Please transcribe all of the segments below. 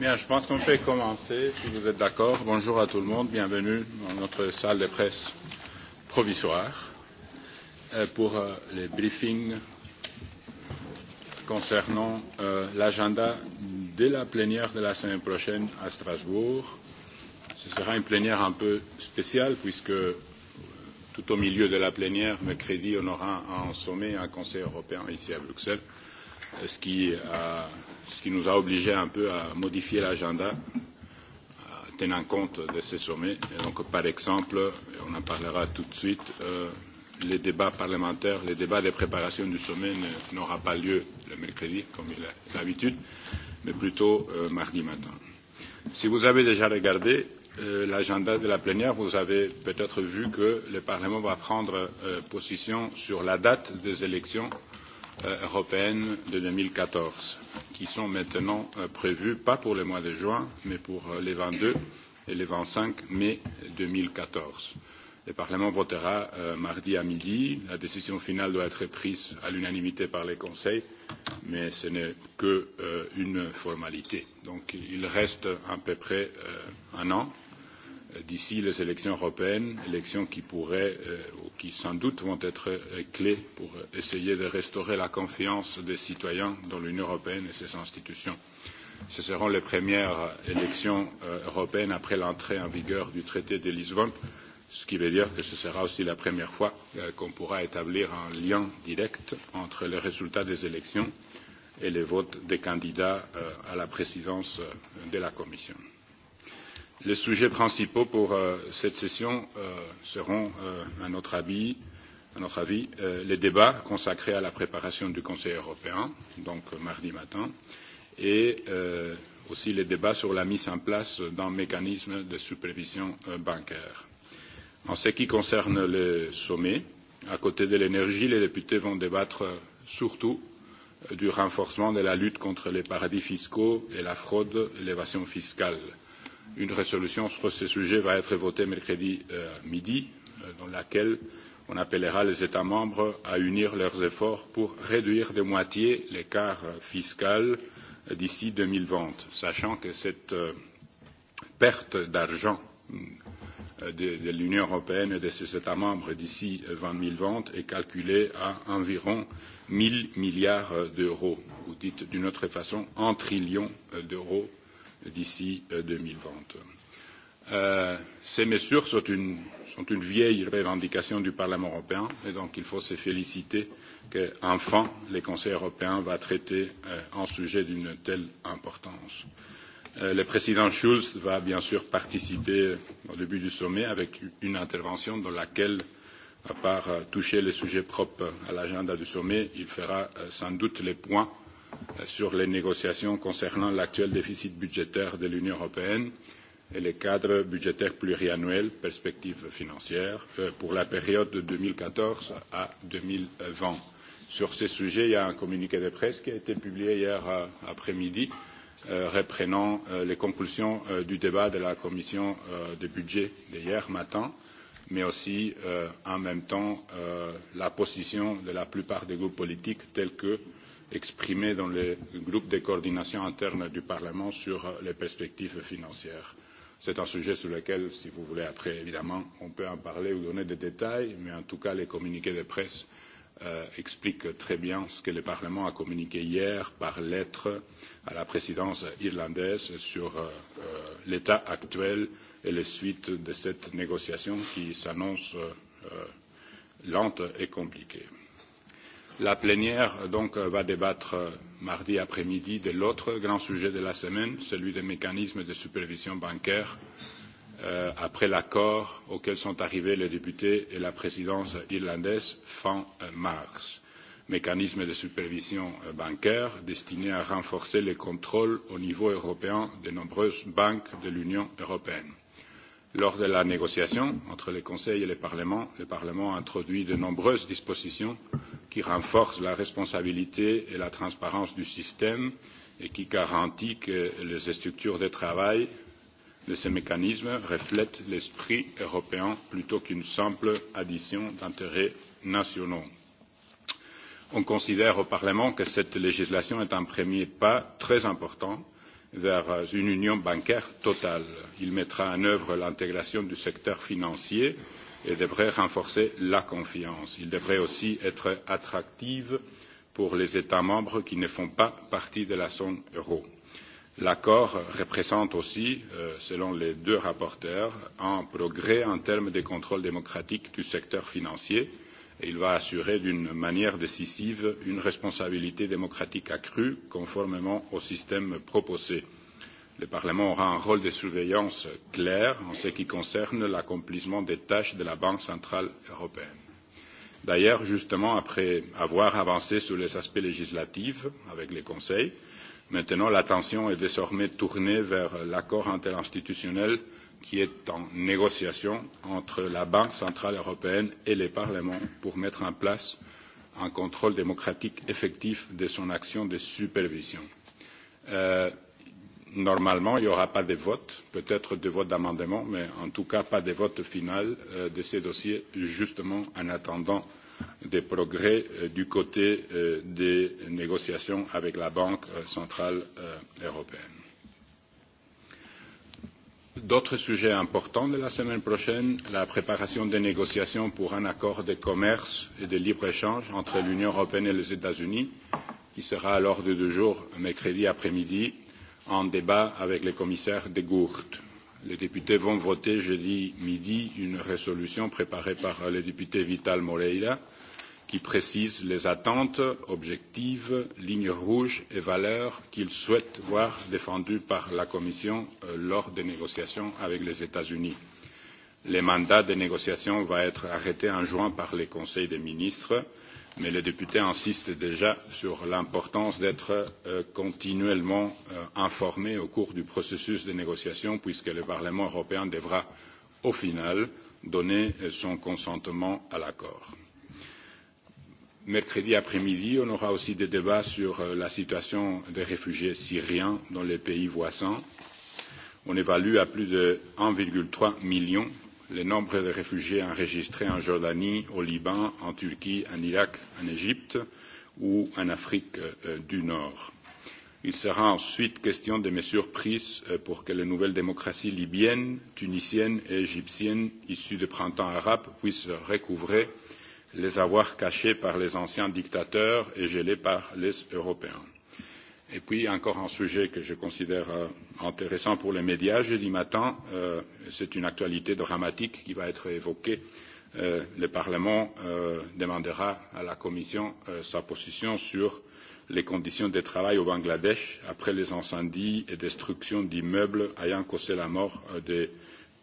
Bien, je pense qu'on peut commencer, si vous êtes d'accord. Bonjour à tout le monde, bienvenue dans notre salle de presse provisoire pour les briefings concernant l'agenda de la plénière de la semaine prochaine à Strasbourg. Ce sera une plénière un peu spéciale puisque tout au milieu de la plénière, mercredi, on aura un sommet, un Conseil européen ici à Bruxelles ce qui, a, ce qui nous a obligés un peu à modifier l'agenda tenant compte de ces sommets. Et donc, par exemple, on en parlera tout de suite, euh, les débats parlementaires, les débats de préparation du sommet n'aura pas lieu le mercredi, comme il est l'habitude, mais plutôt euh, mardi matin. Si vous avez déjà regardé euh, l'agenda de la plénière, vous avez peut-être vu que le Parlement va prendre euh, position sur la date des élections européenne de deux mille quatorze, qui sont maintenant prévues, pas pour le mois de juin, mais pour les vingt deux et les vingt cinq mai deux mille quatorze. Le Parlement votera mardi à midi. La décision finale doit être prise à l'unanimité par le Conseil, mais ce n'est qu'une formalité. Donc il reste à peu près un an d'ici les élections européennes, élections qui pourraient ou qui sans doute vont être clés pour essayer de restaurer la confiance des citoyens dans l'Union européenne et ses institutions. Ce seront les premières élections européennes après l'entrée en vigueur du traité de Lisbonne, ce qui veut dire que ce sera aussi la première fois qu'on pourra établir un lien direct entre les résultats des élections et les votes des candidats à la présidence de la Commission. Les sujets principaux pour cette session seront, à notre avis, les débats consacrés à la préparation du Conseil européen, donc mardi matin, et aussi les débats sur la mise en place d'un mécanisme de supervision bancaire. En ce qui concerne le sommet, à côté de l'énergie, les députés vont débattre surtout du renforcement de la lutte contre les paradis fiscaux et la fraude et l'évasion fiscale une résolution sur ce sujet va être votée mercredi midi, dans laquelle on appellera les États membres à unir leurs efforts pour réduire de moitié l'écart fiscal d'ici deux mille vingt, sachant que cette perte d'argent de, l'Union européenne et de ses États membres d'ici deux mille vingt est calculée à environ 1 000 milliards d'euros, ou dites d'une autre façon, un trillion d'euros d'ici deux mille vingt. ces mesures sont une, vieille revendication du Parlement européen et donc il faut se féliciter que enfin le Conseil européen va traiter un sujet d'une telle importance. le président Schulz va bien sûr participer au début du sommet avec une intervention dans laquelle à part toucher les sujets propres à l'agenda du sommet, il fera sans doute les points sur les négociations concernant l'actuel déficit budgétaire de l'Union européenne et le cadre budgétaire pluriannuel perspectives financières pour la période de deux mille quatorze à deux mille vingt. Sur ce sujet, il y a un communiqué de presse qui a été publié hier après-midi reprenant les conclusions du débat de la commission des budgets d'hier matin, mais aussi en même temps la position de la plupart des groupes politiques telle que exprimés dans le groupe de coordination interne du Parlement sur les perspectives financières. C'est un sujet sur lequel, si vous voulez, après, évidemment, on peut en parler ou donner des détails, mais en tout cas, les communiqués de presse expliquent très bien ce que le Parlement a communiqué hier par lettre à la présidence irlandaise sur l'état actuel et les suites de cette négociation qui s'annonce lente et compliquée La plénière donc va débattre mardi après-midi de l'autre grand sujet de la semaine, celui des mécanismes de supervision bancaire, après l'accord auquel sont arrivés les députés et la présidence irlandaise fin mars. Mécanisme de supervision bancaire destiné à renforcer les contrôles au niveau européen de nombreuses banques de l'Union européenne Lors de la négociation entre le Conseil et le Parlement, le Parlement a introduit de nombreuses dispositions qui renforcent la responsabilité et la transparence du système et qui garantissent que les structures de travail de ce mécanisme reflètent l'esprit européen plutôt qu'une simple addition d'intérêts nationaux. On considère au Parlement que cette législation est un premier pas très important vers une union bancaire totale. Il mettra en œuvre l'intégration du secteur financier et devrait renforcer la confiance. Il devrait aussi être attractif pour les États membres qui ne font pas partie de la zone euro. L'accord représente aussi, selon les deux rapporteurs, un progrès en termes de contrôle démocratique du secteur financier et il va assurer d'une manière décisive une responsabilité démocratique accrue conformément au système proposé. Le Parlement aura un rôle de surveillance clair en ce qui concerne l'accomplissement des tâches de la Banque centrale européenne. D'ailleurs, justement, après avoir avancé sur les aspects législatifs avec le Conseil, maintenant l'attention est désormais tournée vers l'accord interinstitutionnel qui est en négociation entre la Banque centrale européenne et les parlements pour mettre en place un contrôle démocratique effectif de son action de supervision. normalement, il n'y aura pas de vote, peut-être de vote d'amendement, mais en tout cas pas de vote final de ces dossiers, justement en attendant des progrès du côté des négociations avec la Banque centrale européenne D'autres sujets importants de la semaine prochaine, la préparation des négociations pour un accord de commerce et de libre-échange entre l'Union européenne et les États-Unis, qui sera à l'ordre du jour mercredi après-midi en débat avec le commissaire de Gucht. Les députés vont voter jeudi midi une résolution préparée par le député Vital Moreira qui précise les attentes, objectifs, lignes rouges et valeurs qu'il souhaite voir défendues par la Commission lors des négociations avec les États-Unis. Le mandat des négociations va être arrêté en juin par le Conseil des ministres, mais les députés insistent déjà sur l'importance d'être continuellement informés au cours du processus de négociation, puisque le Parlement européen devra, au final, donner son consentement à l'accord. Mercredi après-midi, on aura aussi des débats sur la situation des réfugiés syriens dans les pays voisins. On évalue à plus de 1,3 million le nombre de réfugiés enregistrés en Jordanie, au Liban, en Turquie, en Irak, en Égypte ou en Afrique du Nord. Il sera ensuite question des mesures prises pour que les nouvelles démocraties libyennes, tunisiennes et égyptiennes issues du printemps arabe puissent recouvrer les avoir cachés par les anciens dictateurs et gelés par les Européens. Et puis encore un sujet que je considère intéressant pour les médias. Jeudi matin, c'est une actualité dramatique qui va être évoquée. le Parlement demandera à la Commission sa position sur les conditions de travail au Bangladesh après les incendies et destructions d'immeubles ayant causé la mort de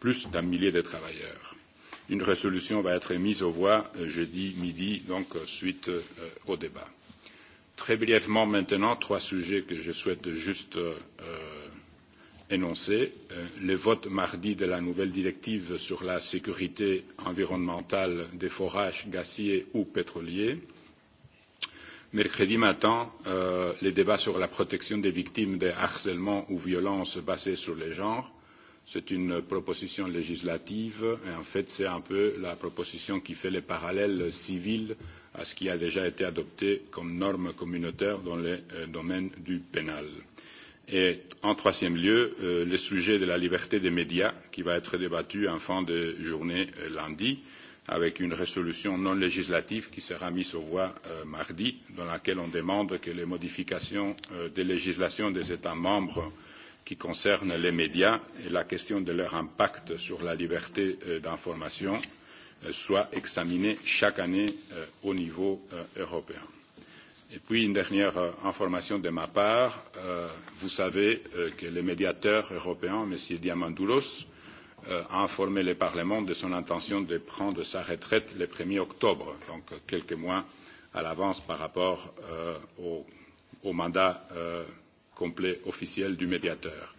plus d'un millier de travailleurs Une résolution va être mise aux voix jeudi midi, donc suite au débat. Très brièvement maintenant, trois sujets que je souhaite juste énoncer. le vote mardi de la nouvelle directive sur la sécurité environnementale des forages gaziers ou pétroliers. Mercredi matin, les débats sur la protection des victimes de harcèlement ou violences basées sur le genre C'est une proposition législative et en fait c'est un peu la proposition qui fait les parallèles civils à ce qui a déjà été adopté comme norme communautaire dans le domaine du pénal. Et en troisième lieu, le sujet de la liberté des médias qui va être débattu en fin de journée lundi avec une résolution non législative qui sera mise aux voix mardi dans laquelle on demande que les modifications des législations des États membres qui concerne les médias et la question de leur impact sur la liberté d'information soit examinée chaque année au niveau européen. Et puis une dernière information de ma part, vous savez que le médiateur européen, M. Diamandouros, a informé le Parlement de son intention de prendre sa retraite le 1er octobre, donc quelques mois à l'avance par rapport au, mandat complet officiel du médiateur.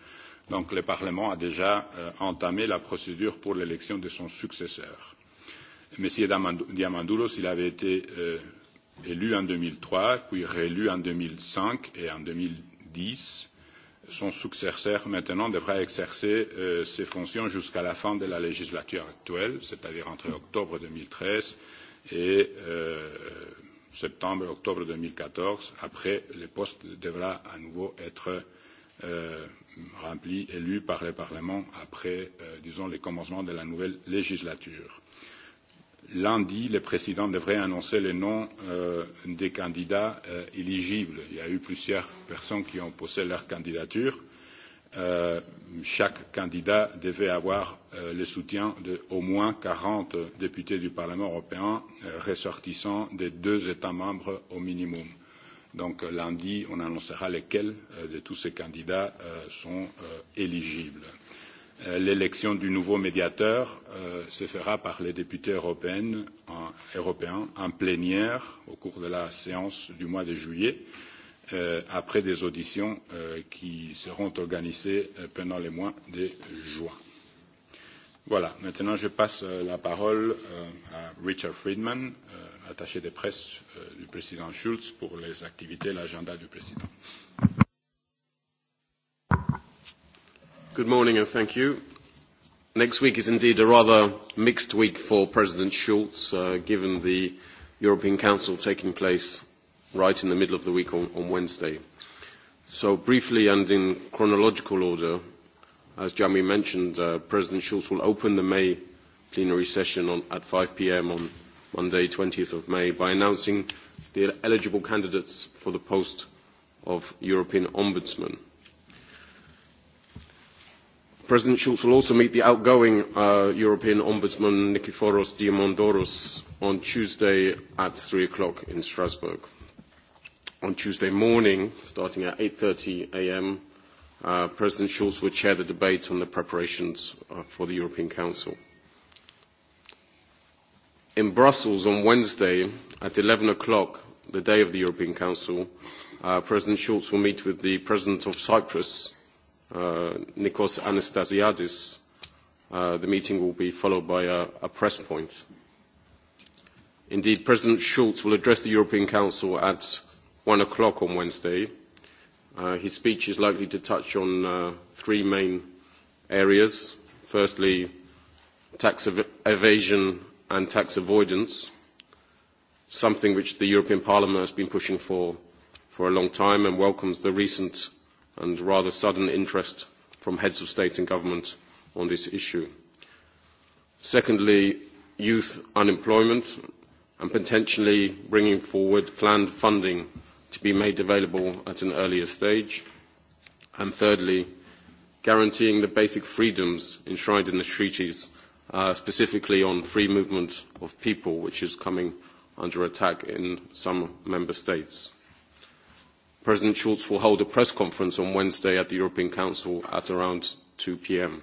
Donc le Parlement a déjà entamé la procédure pour l'élection de son successeur. M. Diamandouros, il avait été élu en deux mille trois, puis réélu en deux mille cinq et en deux mille dix. Son successeur maintenant devra exercer ses fonctions jusqu'à la fin de la législature actuelle, c'est-à-dire entre octobre deux mille treize et septembre, octobre deux mille quatorze. Après, le poste devra à nouveau être rempli, élu par le Parlement après, disons, le commencement de la nouvelle législature. Lundi, le président devrait annoncer le nom des candidats éligibles. Il y a eu plusieurs personnes qui ont posé leur candidature chaque candidat devait avoir le soutien de au moins quarante députés du Parlement européen ressortissants des deux États membres au minimum. Donc lundi, on annoncera lesquels de tous ces candidats sont éligibles. L'élection du nouveau médiateur se fera par les députés européens en plénière au cours de la séance du mois de juillet après des auditions qui seront organisées pendant le mois de juin. Voilà, maintenant je passe la parole à Richard Friedman, attaché de presse du président Schulz pour les activités et l'agenda du président. Good morning and thank you. Next week is indeed a rather mixed week for President Schulz, given the European Council taking place right in the middle of the week on, on Wednesday. So briefly and in chronological order, as Jamie mentioned, uh, President Schulz will open the May plenary session on, at 5 p.m. on Monday, 20th of May, by announcing the eligible candidates for the post of European Ombudsman. President Schulz will also meet the outgoing European Ombudsman Nikiforos Diamondoros on Tuesday at three o'clock in Strasbourg on Tuesday morning, starting at 8.30 a.m., uh, President Schulz will chair the debate on the preparations uh, for the European Council. In Brussels on Wednesday at 11 o'clock, the day of the European Council, uh, President Schulz will meet with the President of Cyprus, uh, Nikos Anastasiadis. Uh, the meeting will be followed by a, a press point. Indeed, President Schulz will address the European Council at one o'clock on Wednesday. his speech is likely to touch on three main areas. Firstly, tax evasion and tax avoidance, something which the European Parliament has been pushing for for a long time and welcomes the recent and rather sudden interest from heads of state and government on this issue. Secondly, youth unemployment and potentially bringing forward planned funding to be made available at an earlier stage. And thirdly, guaranteeing the basic freedoms enshrined in the treaties, uh, specifically on free movement of people, which is coming under attack in some member states. President Schulz will hold a press conference on Wednesday at the European Council at around 2 p.m.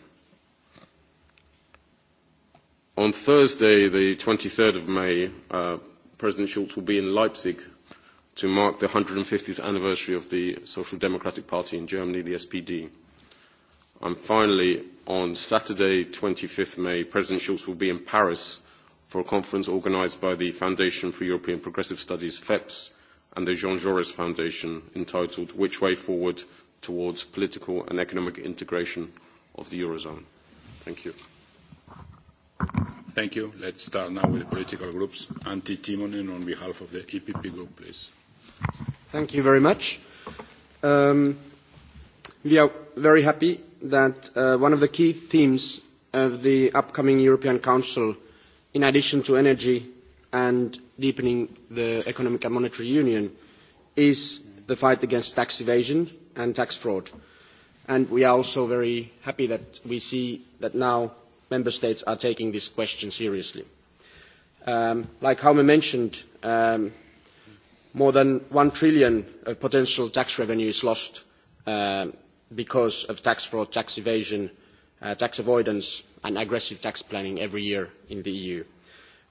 On Thursday, the 23rd of May, uh, President Schulz will be in Leipzig to mark the 150th anniversary of the Social Democratic Party in Germany, the SPD. And finally, on Saturday, 25th May, President Schulz will be in Paris for a conference organised by the Foundation for European Progressive Studies, FEPS, and the Jean Jaurès Foundation, entitled Which Way Forward Towards Political and Economic Integration of the Eurozone. Thank you. Thank you. Let's start now with the political groups. Antti Timonen on behalf of the EPP Group, please. Thank you very much. We are very happy that one of the key themes of the upcoming European Council, in addition to energy and deepening the economic and monetary union, is the fight against tax evasion and tax fraud. And we are also very happy that we see that now member states are taking this question seriously. like Jaume mentioned, more than one trillion of potential tax revenue is lost because of tax fraud, tax evasion, tax avoidance and aggressive tax planning every year in the EU,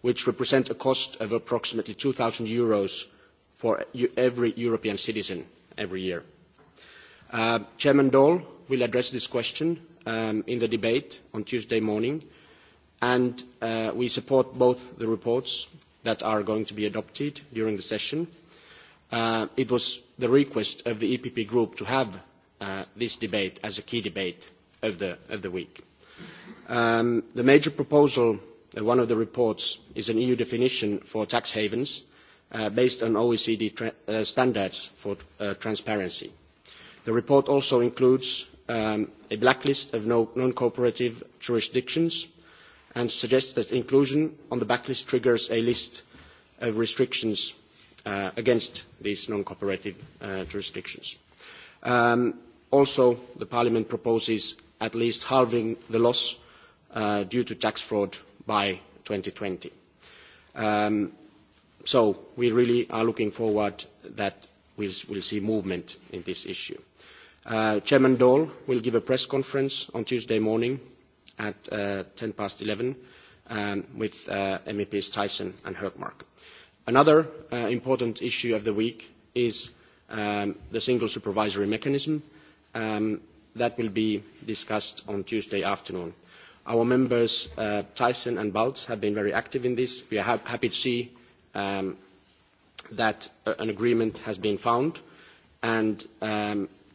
which represent a cost of approximately EUR 2,000 euros for every European citizen every year. Chairman Daul will address this question in the debate on Tuesday morning, and we support both the reports that are going to be adopted during the session – it was the request of the EPP group to have this debate as a key debate of the, week. the major proposal in one of the reports is an EU definition for tax havens based on OECD standards for transparency. The report also includes a blacklist of non-cooperative jurisdictions and suggests that inclusion on the blacklist triggers a list of restrictions against these non-cooperative jurisdictions. also, Parliament proposes at least halving the loss due to tax fraud by twenty. so we really are looking forward that we will see movement in this issue. Chairman Daul will give a press conference on Tuesday morning at ten past eleven with MEPs Tyson and Herkmark Another important issue of the week is the single supervisory mechanism that will be discussed on Tuesday afternoon. Our members, Thyssen and Balz, have been very active in this. We are happy to see that an agreement has been found, and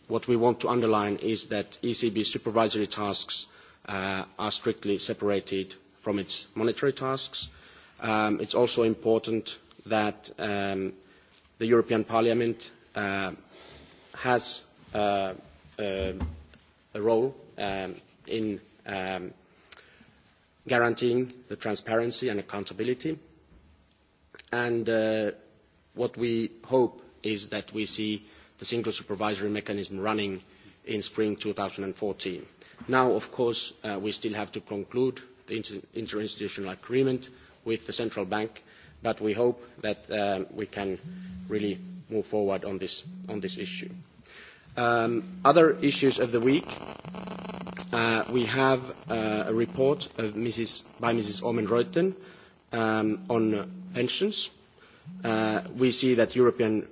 what we want to underline is that ECB supervisory tasks are strictly separated from its monetary tasks. It is also important that the European Parliament has a role in guaranteeing the transparency and accountability. And what we hope is that we see the single supervisory mechanism running in spring fourteen. Now, of course, we still have to conclude the interinstitutional agreement with the central bank, but we hope that we can really move forward on this issue. Other issues of the week, we have a report by Mrs. Oomen-Ruijten on pensions. We see that European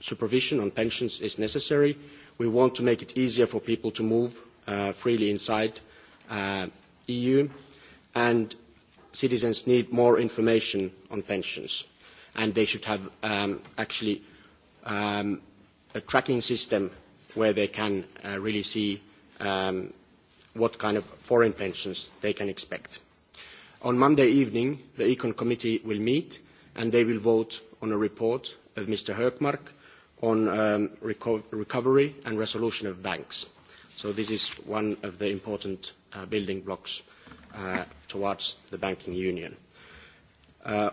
supervision on pensions is necessary. We want to make it easier for people to move freely inside EU, and citizens need more information on pensions, and they should have actually a tracking system where they can really see what kind of foreign pensions they can expect. On Monday evening, the Econ Committee will meet, and they will vote on a report of Mr. Herkmark on recovery and resolution of banks. So this is one of the important building blocks towards the banking union.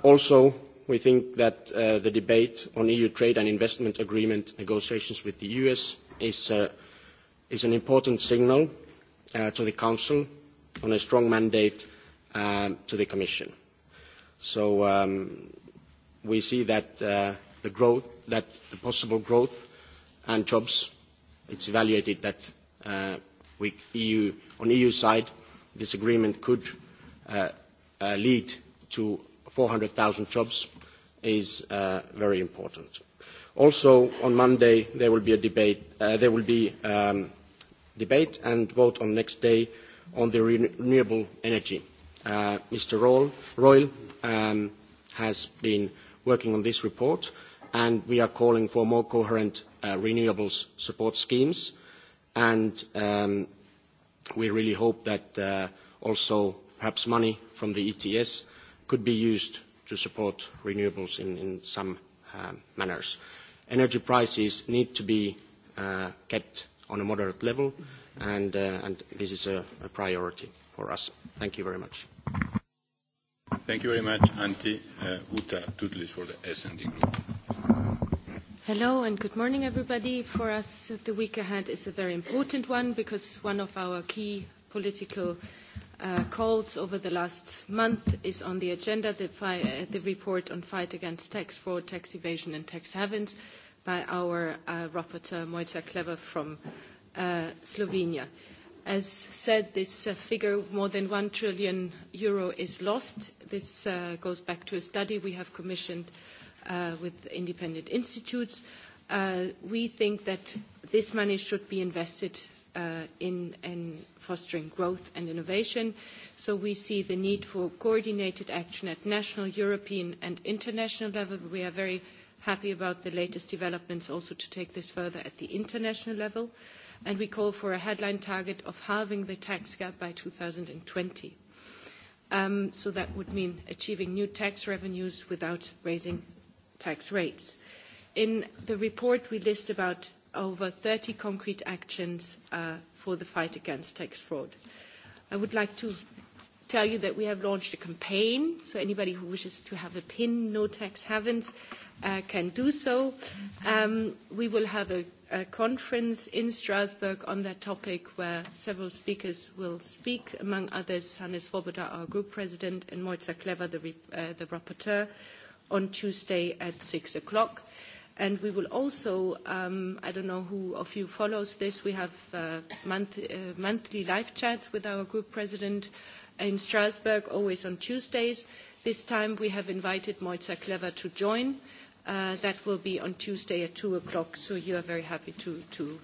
also, we think that the debate on EU trade and investment agreement negotiations with the US is, an important signal to the Council on a strong mandate to the Commission. So we see that the growth, that the possible growth and jobs, it's evaluated that we EU, on EU side this agreement could lead to four hundred 400,000 jobs is very important. Also, on Monday, there will be a debate, there will be debate and vote on next day on the renewable energy. Mr. Royal has been working on this report, and we are calling for more coherent renewables support schemes and We really hope that also perhaps money from the ETS could be used to support renewables in some manners. Energy prices need to be kept on a moderate level, and this is a priority for us. Thank you very much. Thank you very much, Antti. Uta for the S&D Group. Hello and good morning, everybody. For us, the week ahead is a very important one because one of our key political uh, calls over the last month is on the agenda, the, fi- the report on fight against tax fraud, tax evasion and tax havens by our uh, rapporteur Mojca Klever from uh, Slovenia. As said, this uh, figure, more than one trillion euro, is lost. This uh, goes back to a study we have commissioned uh, uh, with independent institutes. Uh, we think that this money should be invested uh, in, in fostering growth and innovation. So we see the need for coordinated action at national, European and international level. We are very happy about the latest developments also to take this further at the international level. And we call for a headline target of halving the tax gap by 2020. Um, so that would mean achieving new tax revenues without raising tax rates. In the report, we list about over 30 concrete actions for the fight against tax fraud. I would like to tell you that we have launched a campaign, so anybody who wishes to have a pin, No Tax Havens, can do so. we will have a, a conference in Strasbourg on that topic where several speakers will speak, among others, Hannes Swoboda, our group president, and Mojca Kleva, the, uh, the rapporteur on Tuesday at six o'clock. And we will also, um, I don't know who of you follows this, we have uh, month, uh, monthly live chats with our group president in Strasbourg, always on Tuesdays. This time we have invited Moitza Clever to join. Uh, that will be on Tuesday at two o'clock, so you are very happy to, to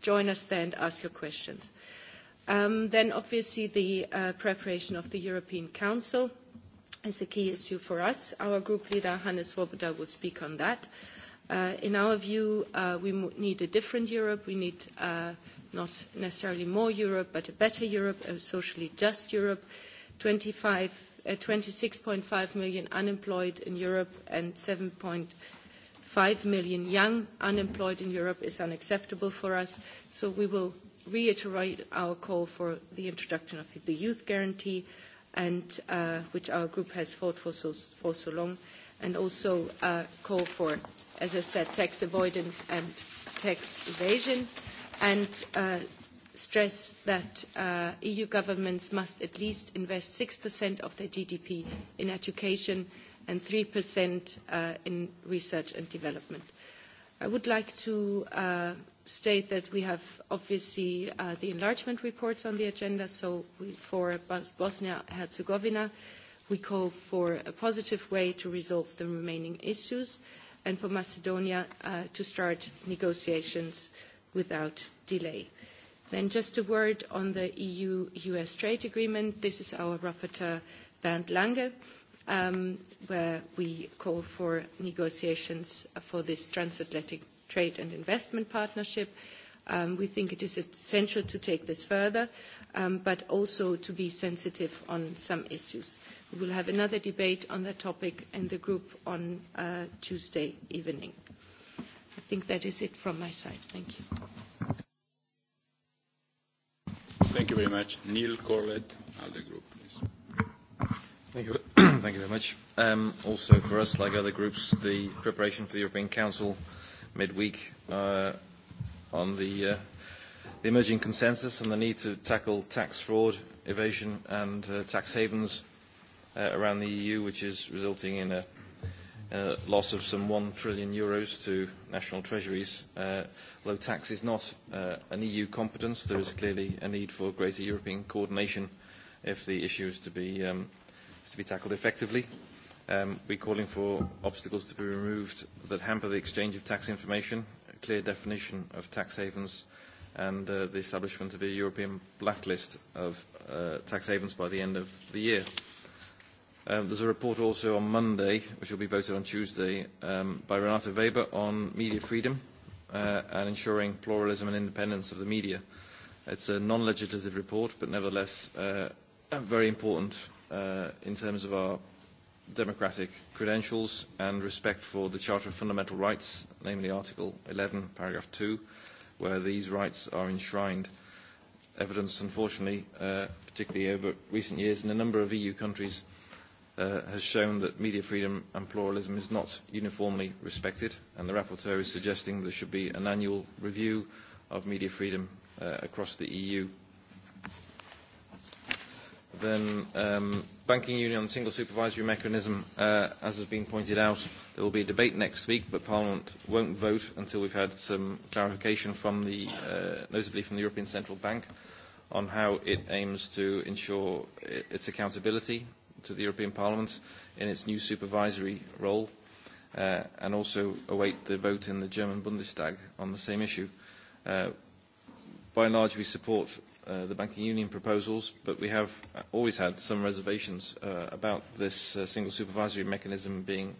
join us there and ask your questions. Um, then obviously the uh, preparation of the European Council – is a key issue for us. Our group leader, Hannes Swoboda, will speak on that. in our view, we need a different Europe. We need uh not necessarily more Europe, but a better Europe, a socially just Europe. 25, uh, 26.5 million unemployed in Europe and 7.5 million young unemployed in Europe is unacceptable for us. So we will reiterate our call for the introduction of the youth guarantee, and uh, which our group has fought for so, for so long, and also uh, call for, as I said, tax avoidance and tax evasion, and uh, stress that uh, EU governments must at least invest 6% of their GDP in education and 3% uh, in research and development. I would like to uh, state that we have obviously uh, the enlargement reports on the agenda. So we, for Bosnia-Herzegovina, we call for a positive way to resolve the remaining issues and for Macedonia uh, to start negotiations without delay. Then just a word on the EU-US trade agreement. This is our rapporteur, Bernd Lange, um, where we call for negotiations for this transatlantic Trade and Investment Partnership. We think it is essential to take this further, but also to be sensitive on some issues. We will have another debate on that topic in the group on Tuesday evening. I think that is it from my side. Thank you. Thank you very much. Neil Corlett, ALDE Group, please. Thank you. Thank you very much. Also for us, like other groups, the preparation for the European Council midweek uh, on the, uh, the emerging consensus and the need to tackle tax fraud, evasion and uh, tax havens uh, around the EU, which is resulting in a, a loss of some 1 trillion euros to national treasuries. Uh, low tax is not uh, an EU competence. There is clearly a need for greater European coordination if the issue is to be, um, is to be tackled effectively. Um, we're calling for obstacles to be removed that hamper the exchange of tax information, a clear definition of tax havens, and uh, the establishment of a European blacklist of uh, tax havens by the end of the year. Um, there's a report also on Monday, which will be voted on Tuesday, um, by Renato Weber on media freedom uh, and ensuring pluralism and independence of the media. It's a non-legislative report, but nevertheless uh, very important uh, in terms of our democratic credentials and respect for the Charter of Fundamental Rights, namely Article 11, paragraph 2, where these rights are enshrined. Evidence, unfortunately, uh, particularly over recent years in a number of EU countries, uh, has shown that media freedom and pluralism is not uniformly respected, and the rapporteur is suggesting there should be an annual review of media freedom uh, across the EU then um, banking union and single supervisory mechanism, uh, as has been pointed out, there will be a debate next week, but Parliament won't vote until we've had some clarification from the, uh, notably from the European Central Bank, on how it aims to ensure its accountability to the European Parliament in its new supervisory role, uh, and also await the vote in the German Bundestag on the same issue. Uh, by and large, we support the banking union proposals, but we have always had some reservations uh, about this uh, single supervisory mechanism being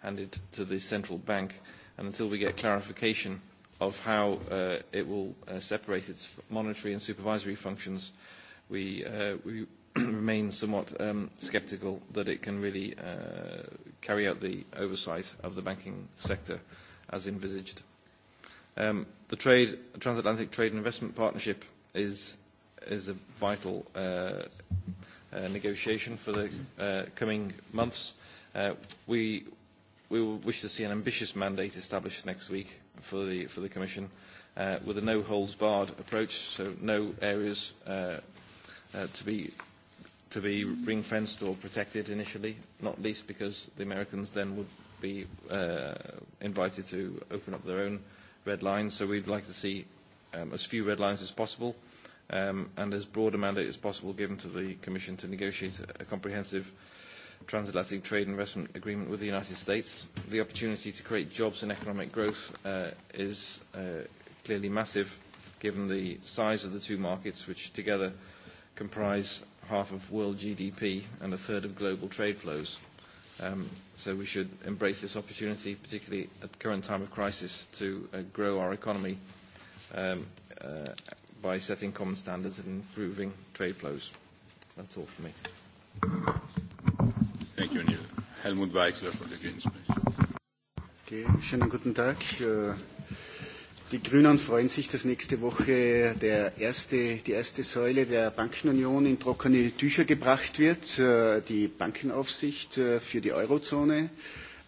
handed to the central bank. And until we get clarification of how uh, it will uh, separate its monetary and supervisory functions, we, uh, we remain somewhat um, sceptical that it can really uh, carry out the oversight of the banking sector as envisaged. Um, the trade, transatlantic trade and investment partnership is is a vital uh, uh, negotiation for the uh, coming months. Uh, we, we will wish to see an ambitious mandate established next week for the, for the Commission uh, with a no-holds-barred approach, so no areas uh, uh, to be to be ring-fenced or protected initially, not least because the Americans then would be uh, invited to open up their own red lines. So we'd like to see um, as few red lines as possible um, and as broad a mandate as possible given to the Commission to negotiate a comprehensive transatlantic trade and investment agreement with the United States. The opportunity to create jobs and economic growth uh, is uh, clearly massive given the size of the two markets, which together comprise half of world GDP and a third of global trade flows. Um, so we should embrace this opportunity, particularly at the current time of crisis, to uh, grow our economy um, uh, by setting common standards and improving trade flows. That's all for me. Thank you, Neil. Helmut Weichler for the Greens, please. Okay, schönen guten Tag. Die Grünen freuen sich, dass nächste Woche der erste, die erste Säule der Bankenunion in trockene Tücher gebracht wird, die Bankenaufsicht für die Eurozone.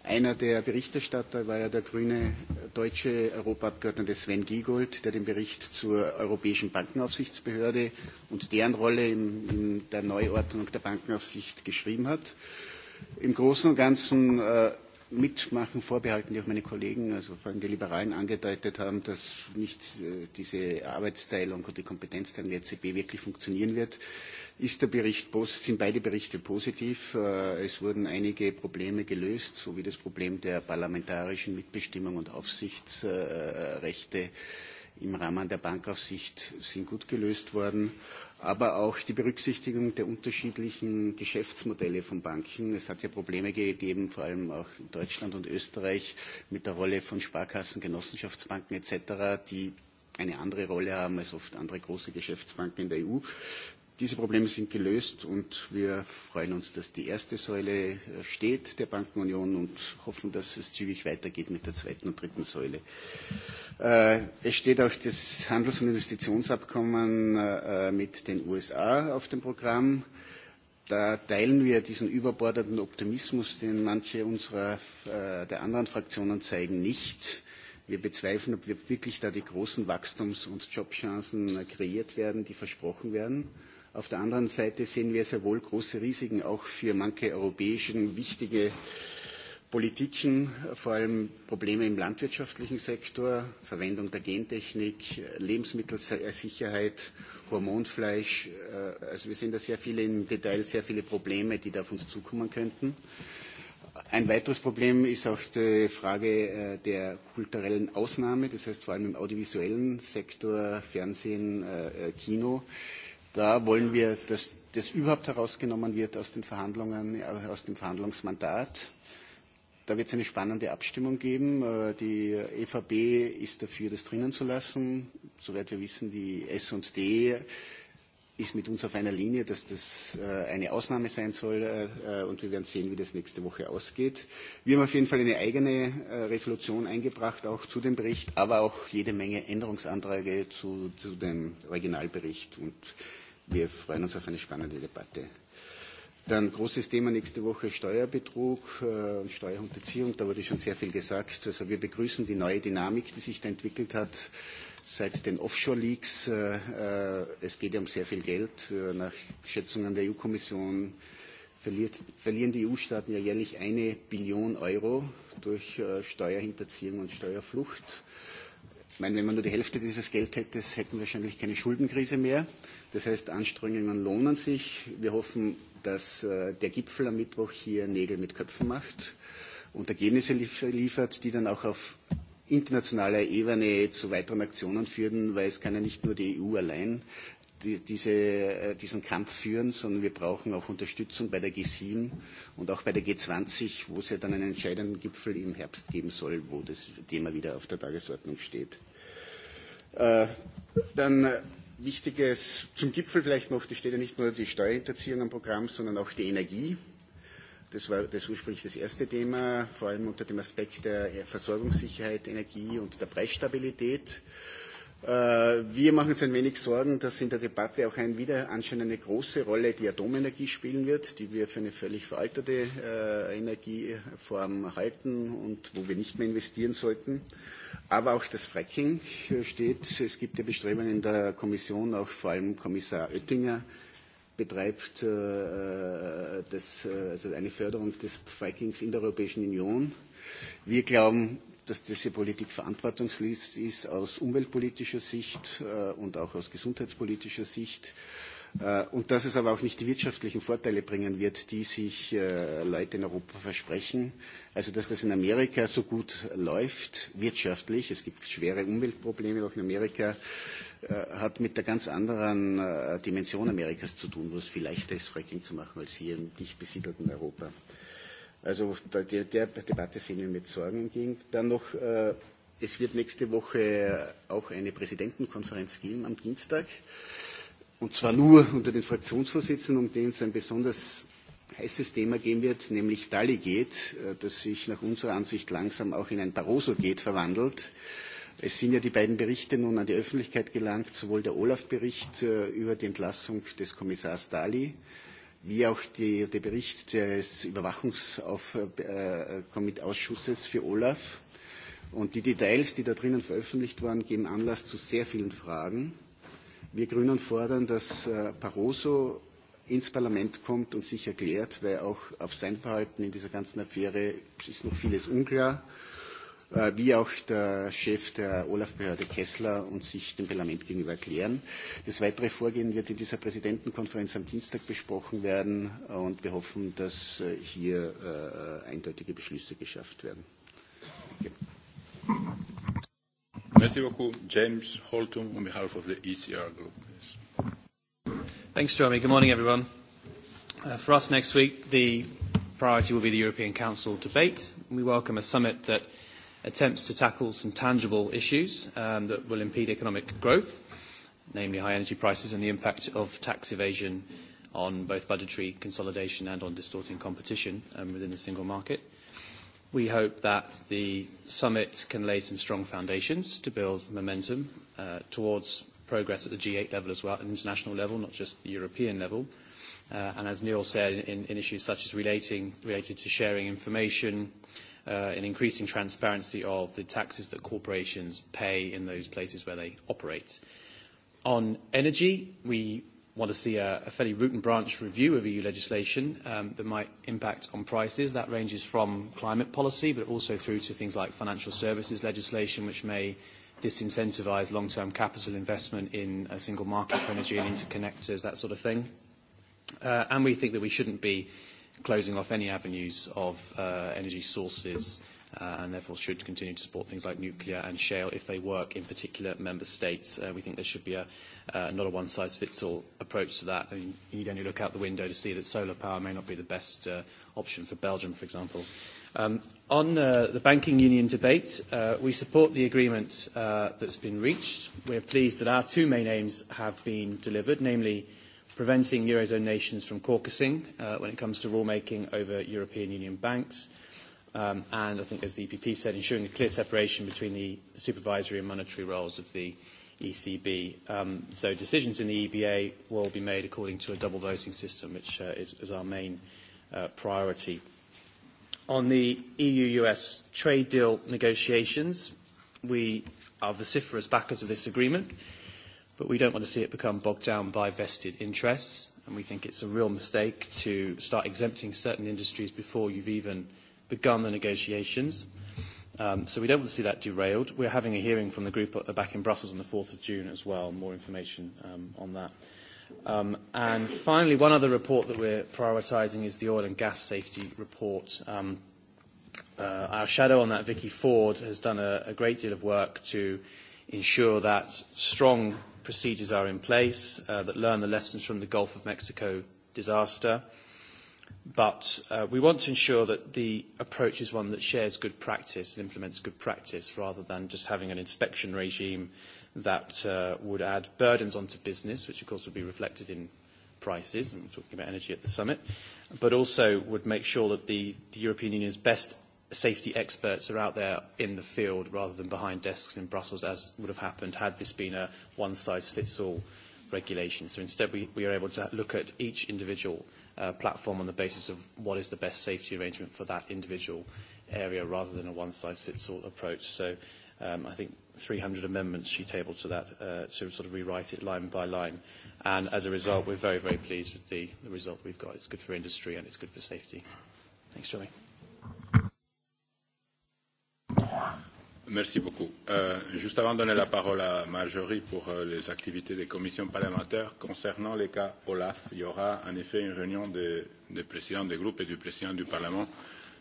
Einer der Berichterstatter war ja der grüne deutsche Europaabgeordnete Sven Giegold, der den Bericht zur Europäischen Bankenaufsichtsbehörde und deren Rolle in, der Neuordnung der Bankenaufsicht geschrieben hat. Im Großen und Ganzen mitmachen, vorbehalten, die auch meine Kollegen, also vor allem die Liberalen, angedeutet haben, dass nicht diese Arbeitsteilung und die Kompetenzteilung der EZB wirklich funktionieren wird. Ist der Bericht, sind beide Berichte positiv. Es wurden einige Probleme gelöst, so wie das Problem der parlamentarischen Mitbestimmung und Aufsichtsrechte im Rahmen der Bankaufsicht sind gut gelöst worden aber auch die Berücksichtigung der unterschiedlichen Geschäftsmodelle von Banken. Es hat ja Probleme gegeben, vor allem auch in Deutschland und Österreich, mit der Rolle von Sparkassen, Genossenschaftsbanken etc., die eine andere Rolle haben als oft andere große Geschäftsbanken in der EU. Diese Probleme sind gelöst und wir freuen uns, dass die erste Säule steht der Bankenunion und hoffen, dass es zügig weitergeht mit der zweiten und dritten Säule. Es steht auch das Handels- und Investitionsabkommen mit den USA auf dem Programm. Da teilen wir diesen überbordenden Optimismus, den manche unserer der anderen Fraktionen zeigen, nicht. Wir bezweifeln, ob wirklich da die großen Wachstums- und Jobchancen kreiert werden, die versprochen werden. Auf der anderen Seite sehen wir sehr wohl große Risiken auch für manche europäischen wichtige Politiken, vor allem Probleme im landwirtschaftlichen Sektor, Verwendung der Gentechnik, Lebensmittelsicherheit, Hormonfleisch. Also wir sehen da sehr viele im Detail, sehr viele Probleme, die da auf uns zukommen könnten. Ein weiteres Problem ist auch die Frage der kulturellen Ausnahme, das heißt vor allem im audiovisuellen Sektor, Fernsehen, Kino Da wollen wir, dass das überhaupt herausgenommen wird aus den Verhandlungen, aus dem Verhandlungsmandat. Da wird es eine spannende Abstimmung geben. Die EVP ist dafür, das drinnen zu lassen. Soweit wir wissen, die D ist mit uns auf einer Linie, dass das eine Ausnahme sein soll und wir werden sehen, wie das nächste Woche ausgeht. Wir haben auf jeden Fall eine eigene Resolution eingebracht, auch zu dem Bericht, aber auch jede Menge Änderungsanträge zu, dem Originalbericht. Und wir freuen uns auf eine spannende Debatte. Dann großes Thema nächste Woche Steuerbetrug und Steuerhinterziehung. Da wurde schon sehr viel gesagt. Also wir begrüßen die neue Dynamik, die sich da entwickelt hat seit den Offshore-Leaks. Es geht ja um sehr viel Geld. Nach Schätzungen der EU-Kommission verlieren die EU-Staaten ja jährlich eine Billion Euro durch Steuerhinterziehung und Steuerflucht. Ich meine, wenn man nur die Hälfte dieses Geld hätte, hätten wir wahrscheinlich keine Schuldenkrise mehr. Das heißt, Anstrengungen lohnen sich. Wir hoffen, dass der Gipfel am Mittwoch hier Nägel mit Köpfen macht und Ergebnisse liefert, die dann auch auf internationaler Ebene zu weiteren Aktionen führen, weil es kann ja nicht nur die EU allein diesen Kampf führen, sondern wir brauchen auch Unterstützung bei der g sieben und auch bei der g zwanzig, wo es ja dann einen entscheidenden Gipfel im Herbst geben soll, wo das Thema wieder auf der Tagesordnung steht. Dann wichtiges zum Gipfel vielleicht noch, da steht ja nicht nur die Steuerhinterziehung am Programm, sondern auch die Energie. Das war das ursprünglich das erste Thema, vor allem unter dem Aspekt der Versorgungssicherheit, Energie und der Preisstabilität. Wir machen uns ein wenig Sorgen, dass in der Debatte auch ein wieder anscheinend eine große Rolle die Atomenergie spielen wird, die wir für eine völlig veraltete Energieform halten und wo wir nicht mehr investieren sollten. Aber auch das Fracking steht. Es gibt ja Bestrebungen der Kommission, auch vor allem Kommissar Oettinger betreibt eine Förderung des Frackings in der Europäischen Union. Wir glauben, dass diese Politik verantwortungslos ist aus umweltpolitischer Sicht und auch aus gesundheitspolitischer Sicht und dass es aber auch nicht die wirtschaftlichen Vorteile bringen wird, die sich Leute in Europa versprechen. Also dass das in Amerika so gut läuft wirtschaftlich, es gibt schwere Umweltprobleme auch in Amerika, hat mit der ganz anderen Dimension Amerikas zu tun, wo es viel leichter ist, Fracking zu machen als hier im dicht besiedelten Europa. Also der, der Debatte sehen wir mit Sorgen entgegen. Dann noch, äh, es wird nächste Woche auch eine Präsidentenkonferenz geben am Dienstag. Und zwar nur unter den Fraktionsvorsitzenden, um denen es ein besonders heißes Thema geben wird, nämlich Dali geht, das sich nach unserer Ansicht langsam auch in ein Barroso geht verwandelt. Es sind ja die beiden Berichte nun an die Öffentlichkeit gelangt, sowohl der Olaf-Bericht über die Entlassung des Kommissars Dali wie auch der Bericht des Überwachungsausschusses für Olaf. Und die Details, die da drinnen veröffentlicht waren, geben Anlass zu sehr vielen Fragen. Wir Grünen fordern, dass Barroso ins Parlament kommt und sich erklärt, weil auch auf sein Verhalten in dieser ganzen Affäre ist noch vieles unklar wie auch der Chef der Olaf-Behörde Kessler und sich dem Parlament gegenüber erklären. Das weitere Vorgehen wird in dieser Präsidentenkonferenz am Dienstag besprochen werden und wir hoffen, dass hier eindeutige Beschlüsse geschafft werden. Merci beaucoup. James Holton on behalf of the ECR Group. Thanks, Jeremy. Good morning, everyone. For us next week, the priority will be the European Council debate. We welcome a summit that attempts to tackle some tangible issues um, that will impede economic growth, namely high energy prices and the impact of tax evasion on both budgetary consolidation and on distorting competition um, within the single market. We hope that the summit can lay some strong foundations to build momentum uh, towards progress at the G8 level as well, at an international level, not just the European level. Uh, and as Neil said, in, in issues such as relating, related to sharing information, uh, in increasing transparency of the taxes that corporations pay in those places where they operate. On energy, we want to see a fairly root and branch review of EU legislation that might impact on prices. That ranges from climate policy, but also through to things like financial services legislation, which may disincentivize long-term capital investment in a single market for energy and interconnectors, that sort of thing. And we think that we shouldn't be closing off any avenues of uh, energy sources and therefore should continue to support things like nuclear and shale if they work in particular member states. we think there should be a, not a one-size-fits-all approach to that. You need only look out the window to see that solar power may not be the best option for Belgium, for example. on the banking union debate, we support the agreement that's been reached. We're pleased that our two main aims have been delivered, namely preventing Eurozone nations from caucusing uh, when it comes to rulemaking over European Union banks, um, and I think, as the EPP said, ensuring a clear separation between the supervisory and monetary roles of the ECB. Um, so decisions in the EBA will be made according to a double voting system, which uh, is, is our main uh, priority. On the EU-US trade deal negotiations, we are vociferous backers of this agreement. Uh, but we don't want to see it become bogged down by vested interests. And we think it's a real mistake to start exempting certain industries before you've even begun the negotiations. Um, so we don't want to see that derailed. We're having a hearing from the group back in Brussels on the 4th of June as well, more information um, on that. Um, and finally, one other report that we're prioritising is the oil and gas safety report. Um, uh, our shadow on that, Vicky Ford, has done a, a great deal of work to ensure that strong procedures are in place that learn the lessons from the Gulf of Mexico disaster. But we want to ensure that the approach is one that shares good practice and implements good practice rather than just having an inspection regime that would add burdens onto business, which of course would be reflected in prices, and we're talking about energy at the summit, but also would make sure that the, the European Union's best safety experts are out there in the field rather than behind desks in Brussels, as would have happened had this been a one-size-fits-all regulation. So instead, we, we are able to look at each individual uh, platform on the basis of what is the best safety arrangement for that individual area rather than a one-size-fits-all approach. So um, I think 300 amendments she tabled to that uh, to sort of rewrite it line by line. And as a result, we're very, very pleased with the, the result we've got. It's good for industry and it's good for safety. Thanks, Julie. Merci beaucoup. Euh, juste avant de donner la parole à Marjorie pour euh, les activités des commissions parlementaires, concernant les cas OLAF, il y aura en effet une réunion des, de présidents des groupes et du président du Parlement,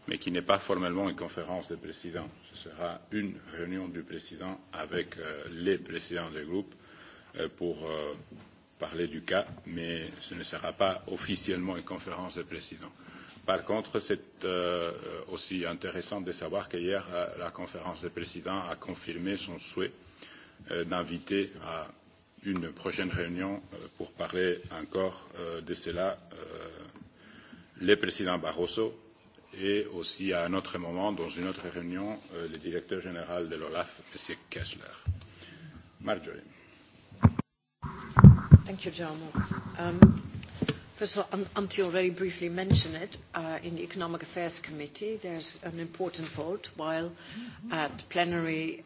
mais qui n'est pas formellement une conférence des présidents. Ce sera une réunion du président avec euh, les présidents des groupes euh, pour euh, parler du cas, mais ce ne sera pas officiellement une conférence des présidents. Par contre, c'est aussi intéressant de savoir qu'hier, la conférence des présidents a confirmé son souhait d'inviter à une prochaine réunion pour parler encore de cela le président Barroso et aussi à un autre moment, dans une autre réunion, le directeur général de l'OLAF, M. Kessler. Marjorie. Thank you, Um, First of all, Antje already briefly mentioned it. In the Economic Affairs Committee, there's an important vote, while at plenary,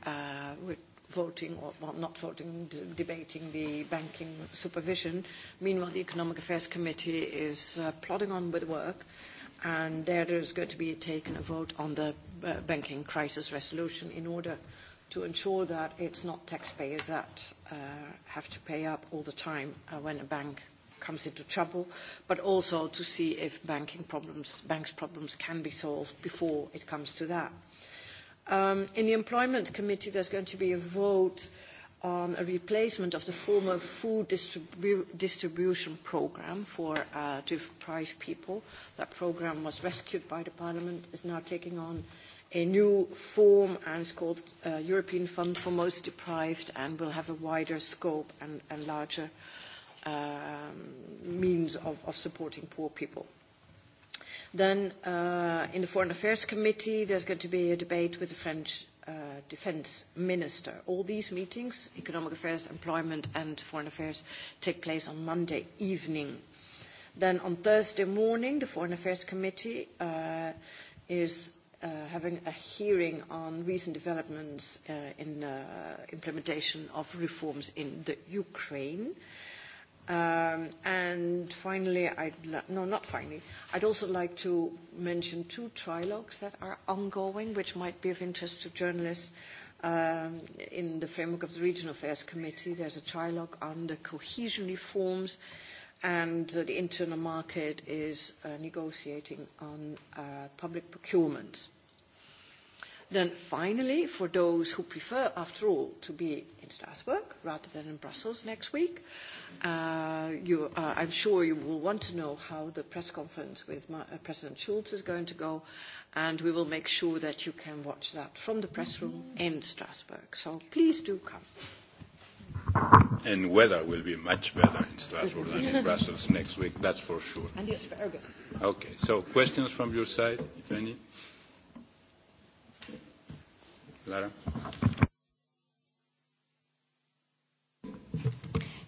we're voting or, well, not voting, debating the banking supervision. Meanwhile, the Economic Affairs Committee is plodding on with work, and there is going to be taken a vote on the banking crisis resolution in order to ensure that it's not taxpayers that have to pay up all the time when a bank comes into trouble, but also to see if banking problems, banks' problems can be solved before it comes to that. in the Employment Committee, there's going to be a vote on a replacement of the former food distribution programme for uh, deprived people. That programme was rescued by the Parliament, is now taking on a new form and it's called uh, European Fund for Most Deprived and will have a wider scope and, and larger uh, means of, of supporting poor people. Then uh, in the Foreign Affairs Committee, there's going to be a debate with the French uh, Defense Minister. All these meetings, Economic Affairs, Employment and Foreign Affairs, take place on Monday evening. Then on Thursday morning, the Foreign Affairs Committee uh, is uh, having a hearing on recent developments uh, in the implementation of reforms in the Ukraine. Uh, Um, and finally, I'd no, not finally, I'd also like to mention two trilogues that are ongoing, which might be of interest to journalists. Um, in the framework of the Regional Affairs Committee, there's a trilogue on the cohesion reforms, and uh, the internal market is uh, negotiating on uh, public procurement. Then finally, for those who prefer, after all, to be in Strasbourg rather than in Brussels next week, uh, you, uh, I'm sure you will want to know how the press conference with my, uh, President Schulz is going to go, and we will make sure that you can watch that from the press room in Strasbourg. So please do come. And weather will be much better in Strasbourg than in Brussels next week, that's for sure. And the asparagus. Okay, so questions from your side, if any? Lara.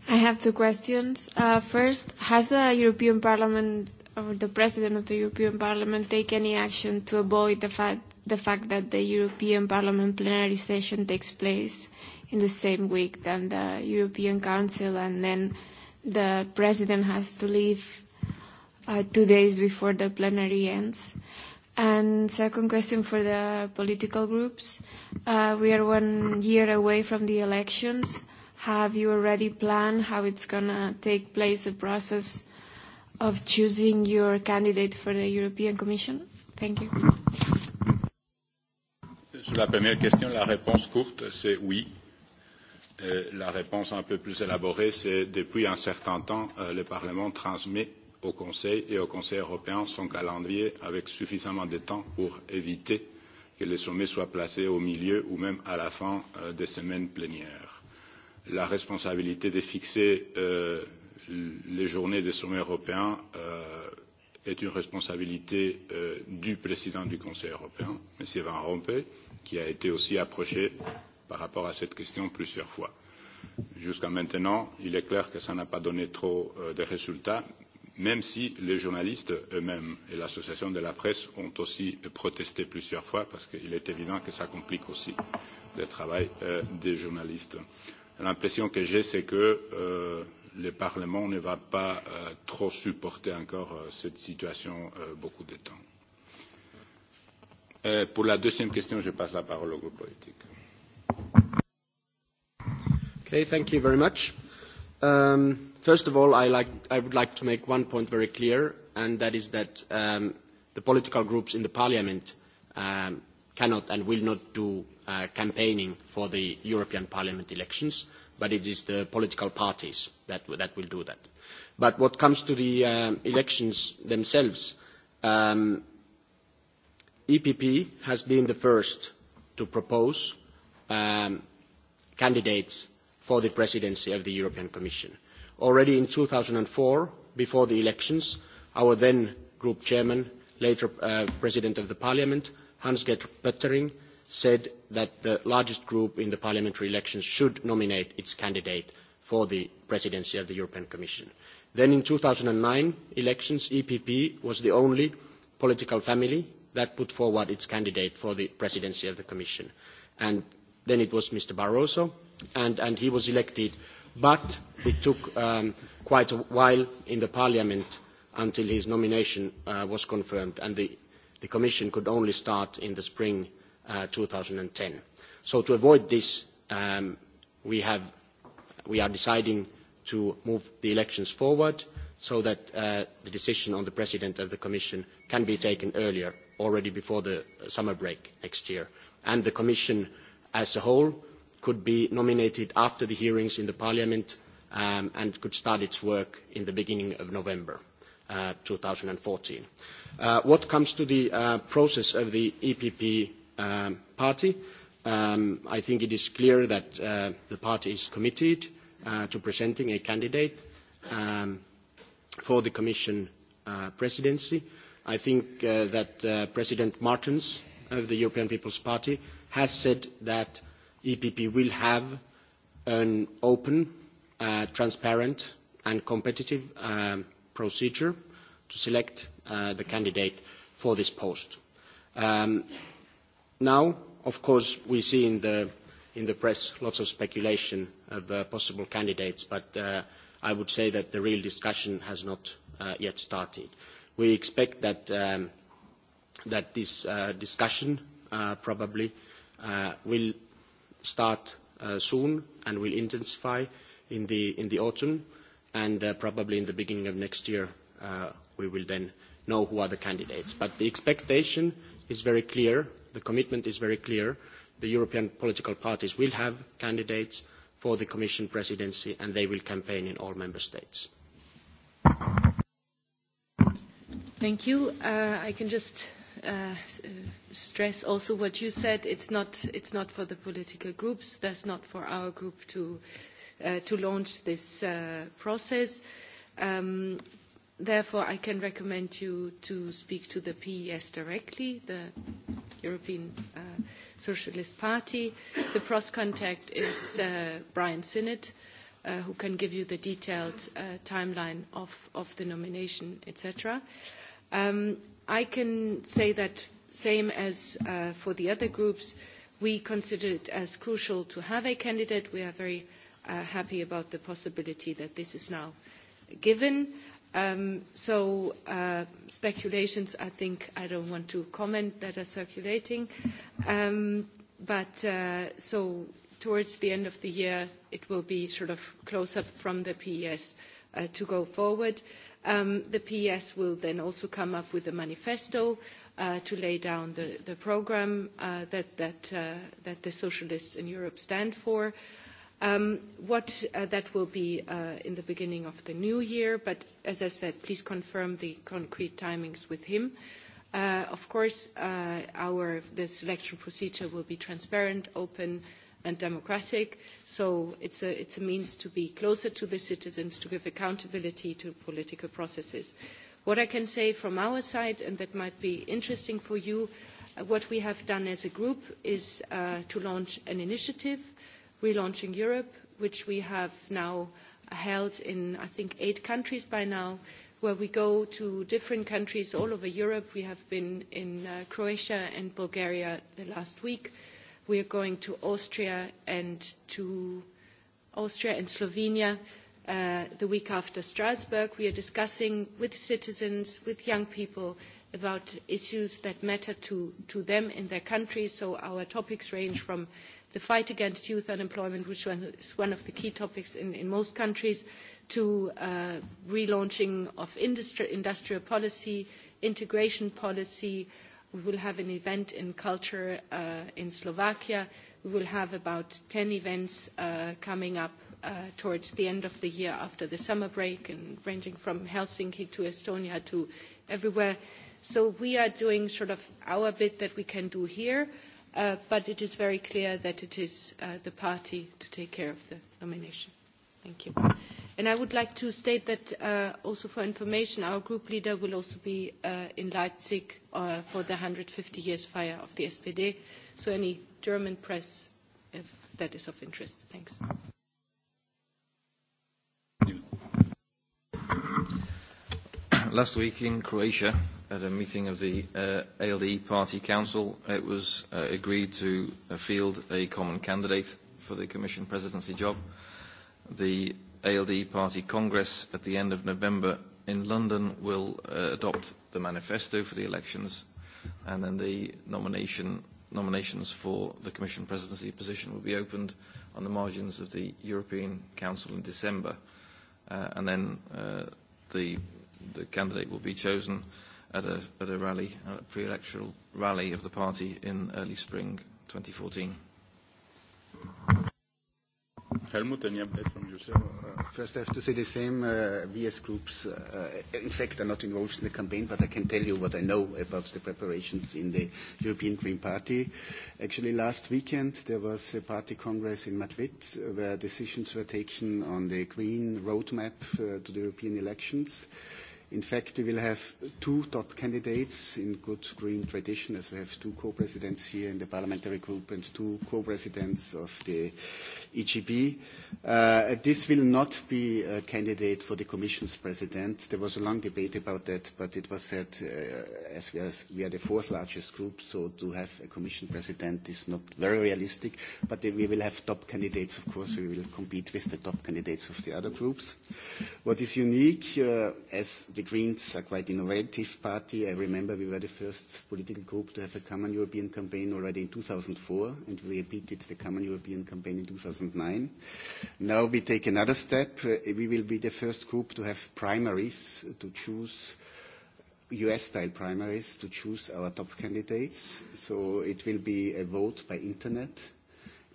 I have two questions. Uh, first, has the European Parliament or the President of the European Parliament take any action to avoid the fact, the fact that the European Parliament plenary session takes place in the same week than the European Council and then the President has to leave uh, two days before the plenary ends? Uh, And second question for the political groups. we are one year away from the elections. Have you already planned how it's gonna take place, the process of choosing your candidate for the European Commission? Thank you. Sur la première question, la réponse courte, c'est oui. la réponse un peu plus élaborée, c'est depuis un certain temps, le Parlement transmet au Conseil et au Conseil européen son calendrier avec suffisamment de temps pour éviter que le sommet soit placé au milieu ou même à la fin des semaines plénières. La responsabilité de fixer les journées des sommets européens est une responsabilité du président du Conseil européen, M. Van Rompuy, qui a été aussi approché par rapport à cette question plusieurs fois. Jusqu'à maintenant, il est clair que cela n'a pas donné trop de résultats, même si les journalistes eux-mêmes et l'association de la presse ont aussi protesté plusieurs fois, parce qu'il est évident que cela complique aussi le travail des journalistes. L'impression que j'ai, c'est que le Parlement ne va pas trop supporter encore cette situation beaucoup de temps. pour la deuxième question, je passe la parole au groupe politique. First of all, I, like, I would like to make one point very clear, and that is that the political groups in the parliament cannot and will not do campaigning for the European Parliament elections, but it is the political parties that, that will do that. But what comes to the elections themselves, um, EPP has been the first to propose candidates for the presidency of the European Commission Already in two thousand four, before the elections, our then group chairman, later president of the parliament, Hans-Gert Pöttering, said that the largest group in the parliamentary elections should nominate its candidate for the presidency of the European Commission. Then in two 2009 elections, EPP was the only political family that put forward its candidate for the presidency of the Commission. And then it was Mr. Barroso, and, he was elected but it took um, quite a while in the Parliament until his nomination uh, was confirmed, and the, the Commission could only start in the spring uh, 2010. So to avoid this, um, we, have, we are deciding to move the elections forward so that uh, the decision on the President of the Commission can be taken earlier, already before the summer break next year. And the Commission as a whole could be nominated after the hearings in the Parliament and could start its work in the beginning of November uh, 2014. what comes to the process of the EPP party, I think it is clear that the party is committed to presenting a candidate for the Commission presidency. I think that President Martens of the European People's Party has said that EPP will have an open, transparent, and competitive procedure to select the candidate for this post. now, of course, we see in the, press lots of speculation of possible candidates, but I would say that the real discussion has not yet started. We expect that, this discussion probably will start soon and will intensify in the autumn, and probably in the beginning of next year, we will then know who are the candidates. But the expectation is very clear, the commitment is very clear. The European political parties will have candidates for the Commission presidency, and they will campaign in all member states. Thank you. I can just uh, stress also what you said. It's not, it's not for the political groups. That's not for our group to, uh, to launch this uh, process. Um, therefore, I can recommend you to speak to the PES directly, the European uh, Socialist Party. The cross contact is uh, Brian Sinnott, uh, who can give you the detailed uh, timeline of, of the nomination, etc. Um, I can say that same as for the other groups, we consider it as crucial to have a candidate. We are very happy about the possibility that this is now given. so speculations, I think, I don't want to comment that are circulating. but so towards the end of the year, it will be sort of close up from the PES to go forward the PS will then also come up with a manifesto to lay down the, the program that, that, that the socialists in Europe stand for. what that will be in the beginning of the new year, but as I said, please confirm the concrete timings with him. of course, our, the selection procedure will be transparent, open, and democratic. So it's a, it's a means to be closer to the citizens, to give accountability to political processes. What I can say from our side, and that might be interesting for you, what we have done as a group is to launch an initiative, Relaunching Europe, which we have now held in, I think, eight countries by now, where we go to different countries all over Europe. We have been in Croatia and Bulgaria the last week. We are going to Austria and to Austria and Slovenia uh, the week after Strasbourg. We are discussing with citizens, with young people, about issues that matter to, to them in their country. So our topics range from the fight against youth unemployment, which is one of the key topics in, in most countries, to uh, relaunching of industri- industrial policy, integration policy, uh, We will have an event in culture uh, in Slovakia. We will have about 10 events uh, coming up uh, towards the end of the year after the summer break and ranging from Helsinki to Estonia to everywhere. So we are doing sort of our bit that we can do here, uh, but it is very clear that it is uh, the party to take care of the nomination. Thank you. And I would like to state that uh, also for information, our group leader will also be uh, in Leipzig uh, for the 150 years fire of the SPD. So any German press, if that is of interest. Thanks. Last week in Croatia, at a meeting of the uh, ALDE Party Council, it was uh, agreed to uh, field a common candidate for the Commission presidency job. The ALDE Party Congress at the end of November in London will uh, adopt the manifesto for the elections, and then the nomination, nominations for the Commission presidency position will be opened on the margins of the European Council in December, uh, and then uh, the, the candidate will be chosen at a, at a rally, a pre-electoral rally of the party in early spring 2014. Helmut, any update from you? first, I have to say the same. Uh, we as groups, uh, in fact, are not involved in the campaign, but I can tell you what I know about the preparations in the European Green Party. Actually, last weekend there was a party congress in Madrid where decisions were taken on the green roadmap uh, to the European elections. Uh, In fact, we will have two top candidates in good green tradition, as we have two co-presidents here in the parliamentary group and two co-presidents of the EGB. This will not be a candidate for the Commission's president. There was a long debate about that, but it was said, as we are the fourth largest group, so to have a Commission president is not very realistic. But we will have top candidates, of course. We will compete with the top candidates of the other groups. What is unique, as The Greens are quite innovative party. I remember we were the first political group to have a common European campaign already in 2004, and we repeated the common European campaign in 2009. Now we take another step. We will be the first group to have primaries to choose US-style primaries to choose our top candidates. So it will be a vote by internet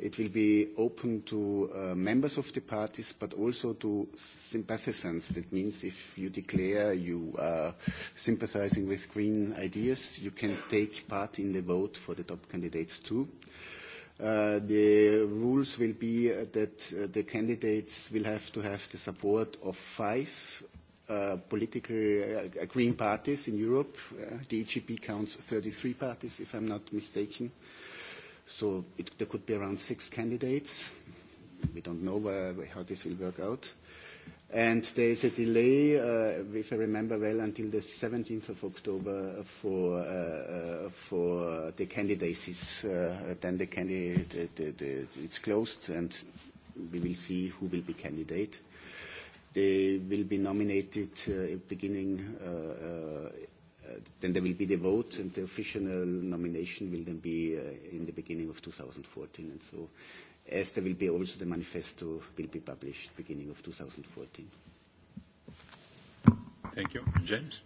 It will be open to uh, members of the parties, but also to sympathizants. That means if you declare you are sympathizing with green ideas, you can take part in the vote for the top candidates too. Uh, the rules will be that uh, the candidates will have to have the support of five uh, political uh, green parties in Europe. Uh, the EGP counts 33 parties, if I'm not mistaken. Uh, So it, there could be around six candidates. We don't know where, how this will work out. And there is a delay, uh, if I remember well, until the 17th of October for, uh, uh, for the candidacies. Uh, then the candidate, it's closed and we will see who will be candidate. They will be nominated uh, beginning uh, uh, then there will be the vote, and the official nomination will then be uh, in the beginning of 2014. And so, as there will be also the manifesto will be published beginning of 2014. Thank you, James.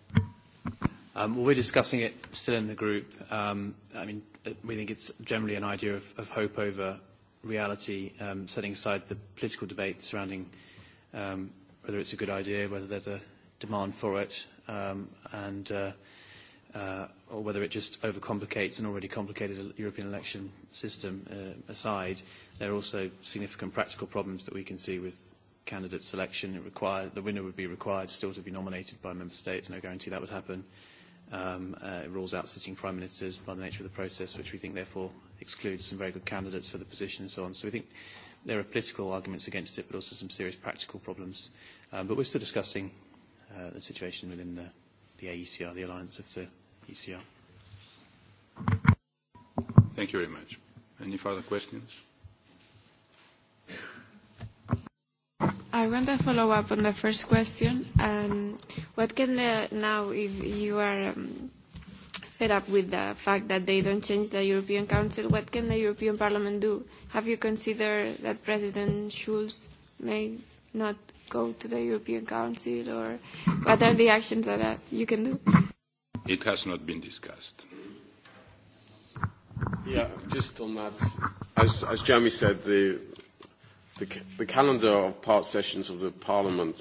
Um, well, we're discussing it still in the group. Um, I mean, we think it's generally an idea of, of hope over reality, um, setting aside the political debate surrounding um, whether it's a good idea, whether there's a demand for it, um, and uh, uh, or whether it just overcomplicates an already complicated European election system uh, aside, there are also significant practical problems that we can see with candidate selection. It required, the winner would be required still to be nominated by member states. No guarantee that would happen. Um, uh, it rules out sitting prime ministers by the nature of the process, which we think therefore excludes some very good candidates for the position and so on. So we think there are political arguments against it, but also some serious practical problems. Um, but we're still discussing uh, the situation within the, the AECR, the alliance of the ECR. Thank you very much. Any further questions? I want to follow up on the first question. what can the, now, if you are fed up with the fact that they don't change the European Council, what can the European Parliament do? Have you considered that President Schulz may not go to the European Council or what are the actions that uh, you can do? It has not been discussed. Yeah, just on that, as, as Jeremy said, the, the, the calendar of part sessions of the Parliament